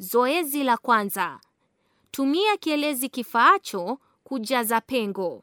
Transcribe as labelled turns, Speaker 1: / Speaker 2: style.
Speaker 1: Zoezi la kwanza: tumia kielezi kifaacho kujaza pengo.